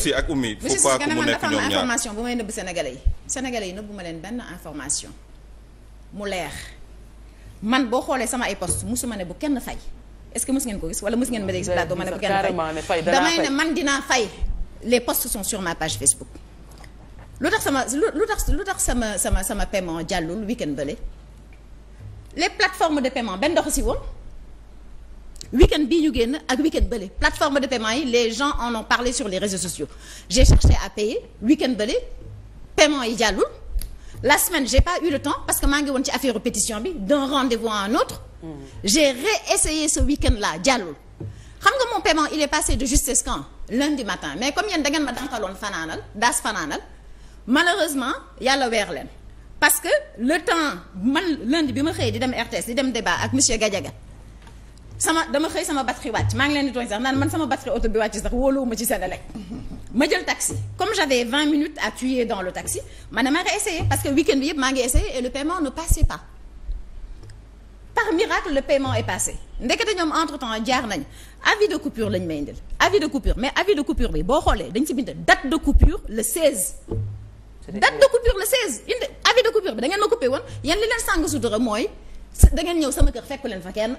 si ak ummi. il faut pas que mu nekk ñoom bu may nëbb sénégalais yi sénégalais yi nëbbu ma leen benn information mu leex man boo xoolee sama ay post poste musuma ne bu kenn fay est-ce que mës ngeen ko gis wala mës ngeen ma dégg si plateau ne bu kenn fay damay ne man dinaa fay les posts sont sur ma page Facebook lu tax sama lu tax lu tax sama sama sama paiement jàllul week-end bële les plateformes de paiement benn doxu si woon week-end bii ñu génn ak week-end bële plateforme de paiement yi les gens en ont parlé sur les réseaux sociaux j'ai cherché à payer week bële paiement yi jàllul la semaine j'ai pas eu le temps parce que maa ngi woon ci affaire pétition bi d'un rendez-vous à un autre mm. j'ai réessayé ce week là jàllul xam nga mon paiement il est passé de justesse quand lundi matin mais comme yéen da ngeen ma dànkaloon fanaanal daas fanaanal malheureusement yàlla weer leen parce que le temps man lundi bi ma xëyee di dem RTS dem débat ak monsieur Gadiaga sama dama xëy sama batterie wàcc maa ngi leen di tooñ sax naan man sama batterie oto bi wàcc sax wóoluwuma ci Senelec ma jël taxi comme j'avais vingt minutes à tuer dans le taxi ma ne ngi essayé parce que week bi yëpp maa ngi essayé et le paiement ne passait pas par miracle le paiement est passé ñoom entre temps jaar nañ avis de coupure lañ may indil avis de coupure mais avis de coupure bi boo xoolee dañ ci bind date de coupure le da ngeen ma coupé woon yéen li leen sàng sutura mooy da ngeen ñëw sama kër fekk leen fa kenn.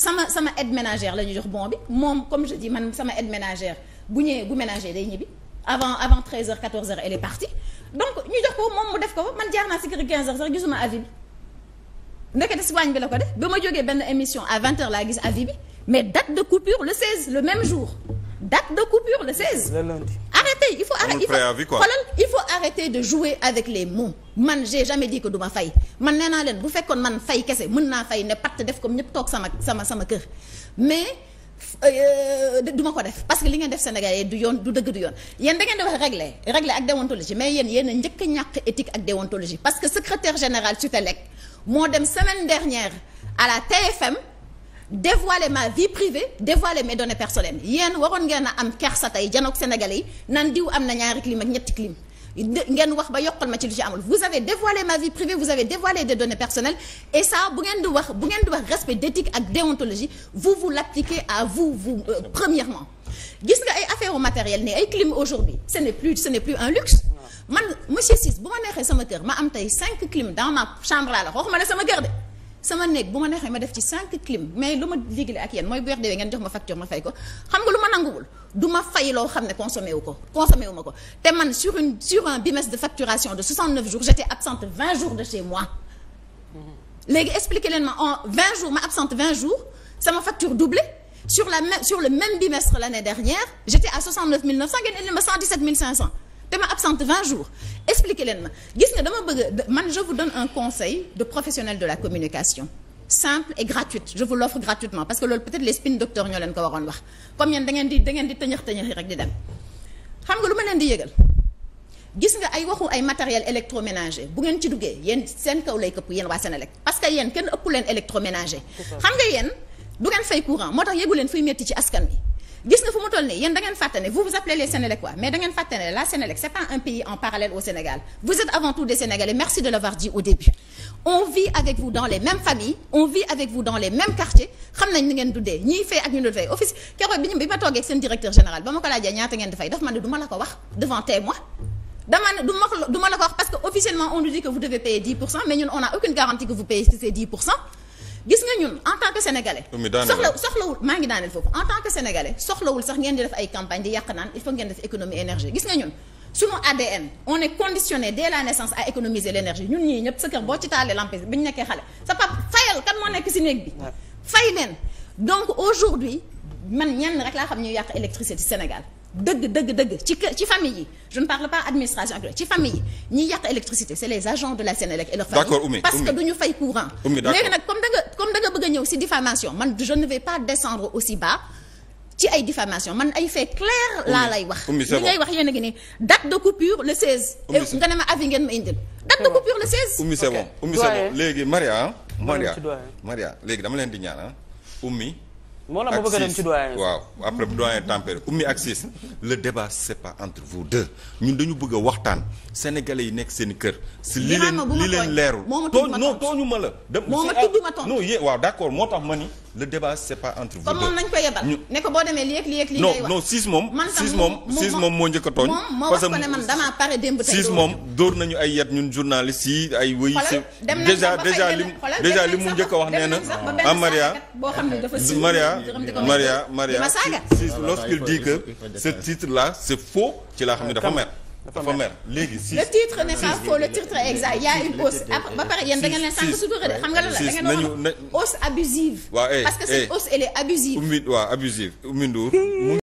sama sama aide ménagère la ñu jox bon bi moom comme je dis man sama aide ménagère bu ñëwee bu ménager day ñibbi avant avant 13h 14h elle est partie donc ñu jox ko moom mu def ko man jaar naa si kër 15h sax gisuma avis bi ndekete si waañ bi la ko def ba ma jógee benn émission à 20h laa gis avis bi mais date de coupure le 16 le même jour date de coupure le 16. lundi. oui il faut arrêter xoolal il faut arrêter de jouer avec les mots man j'ai jamais dit que du ma fay man nee naa leen bu fekkoon man fay kese mën naa fay ne patt def comme ñëpp toog sama sama sama kër mais euh, du ma ko def parce que li ngeen def Sénégalais du yoon du dëgg du yoon yéen da ngeen di wax régler régler ak déontologie mais yéen yéen a njëkk a ñàkk éthique ak déontologie parce que secrétaire général Sutelec moo dem semaine dernière à la TFM dévoiler ma vie privée dévoiler mes données personnelles yéen waroon ngeen a am kersa tey janook sénégalais yi nan diw am na ñaari clim ak ñetti clim ngeen wax ba yokkal ma ci lu ci amul vous avez dévoilé ma vie privée vous avez dévoilé des données personnelles et ça bu ngeen di wax bu ngeen di wax respect d'éthique ak déontologie vous vous l'appliquez à vous vous euh, premièrement gis nga ay affaire matériel ne ay clim aujourd'hui ce n'est plus ce sama kër ma am tey cinq clim dans ma chambre la la waxuma la sama kër sama néeg bu ma neexee ma def ci cinq clim mais lu ma liggéey ak yéen mooy bu weex dewee ngeen jox ma facture ma fay ko xam nga lu ma nanguwul du ma fay loo xam ne consommé wu ko consommé wu ma ko te man sur une sur un bimestre de facturation de 69 jours j'étais absente 20 jours de chez moi léegi expliquez leen ma en jours ma absente jours sama facture doublée sur la même sur le même bimestre l'année dernière j'étais à ngeen indi ma dama absente 20 jours expliquer leen ma gis nga dama bëgg man je vous donne un conseil de professionnel de la communication simple et gratuite je vous l'offre gratuitement parce que loolu peut-être les spin docteurs ñoo leen ko waroon wax comme yéen da ngeen di tëñëx tëñëx rek di dem xam nga lu ma leen di yëgal gis nga ay waxu ay matériel électroménager bu ngeen ci duggee yéen seen kaw lay këpp yéen waa Senelec parce que yéen kenn ëpp leen électroménager xam nga yéen du ngeen moo tax yëgu leen fuy métti ci askan bi gis nga fu mu toll nii yéen da ngeen vous vous appelez les Sénégalais mais da ngeen la Sénélec c'est pas un pays en parallèle au Sénégal vous êtes avant tout des Sénégalais merci de l'avoir dit au début on vit avec vous dans les mêmes familles on vit avec vous dans les mêmes quartiers xam nañ ni ngeen dundee ñiy fay ak ñu dul fay office keroog bi bi ma toogee seen directeur général ba ma ko laajee ñaata ngeen di daf ma gis nga ñun en tant que sénégalais. soxla soxlawul maa ngi daaneel foofu en tant que sénégalais soxlawul sax ngeen di def ay campagne di yàq naan il faut ngeen def économie énergie gis nga ñun. sunu ADN on est conditionné dès la naissance à économiser l'énergie ñun ñii ñëpp sa kër boo ci taalee lampe bi ñu nekkee xale sa pap fayal kan moo nekk si néeg bi fay leen donc aujourd'hui man ñenn rek laa xam ñuy yàq électricité Sénégal dëgg dëgg dëgg ci ci famille yi je ne parle pas administration agricole ci famille yi ñiy yàq électricité c'est les agents de la Sénélec et leur famille parce que du ñu fay courant léegi nag comme da bëgg a ñëw si diffamation man je ne vais pas descendre aussi bas ci ay diffamation man ay fait clair laa lay wax li ngay wax yéen a ngi ni date de coupure le 16 eh, nga ne ma avis ngeen ma indil date de coupure le 16 ummi c'est bon ummi c'est bon léegi Maria leen di ñaan ummi moo tax ma bëgg a dem ci doyen waaw ummi ak siis le débat c'est pas entre vous deux ñun dañu bëgg a waxtaan sénégalais yi nekk seen kër si li leen li leen leerul tooñ non tooñu ma la dem non yéen waaw d'accord moo tax ma ni le débat c'est pas entre vous. comme moom nañ ko yebal. ne ko boo demee lii ak lii ak lii ngay wax non siis moom. man siis moom siis moom moo njëkk a tooñ. parce moom moo ko ne man damaa pare démb tey siis moom dóor nañu ay yet ñun journaliste yi ay. wëy dem déjà déjà lim déjà lim mu njëkk a wax nee na. Maria Maria Maria Maria siis lorsqu'il dit que ce titre là c'est faux ci laa xam ne dafa mer. dafa mer léegi six le titre n'est pas faux le titre exact il une hausse après ba pare yéen da ngeen leen sànq de xam nga lan la da ngeen waxoon hausse abusive. Eh, parce que cette eh. hausse elle est abusive. Oumy waaw abusive Oumy Ndour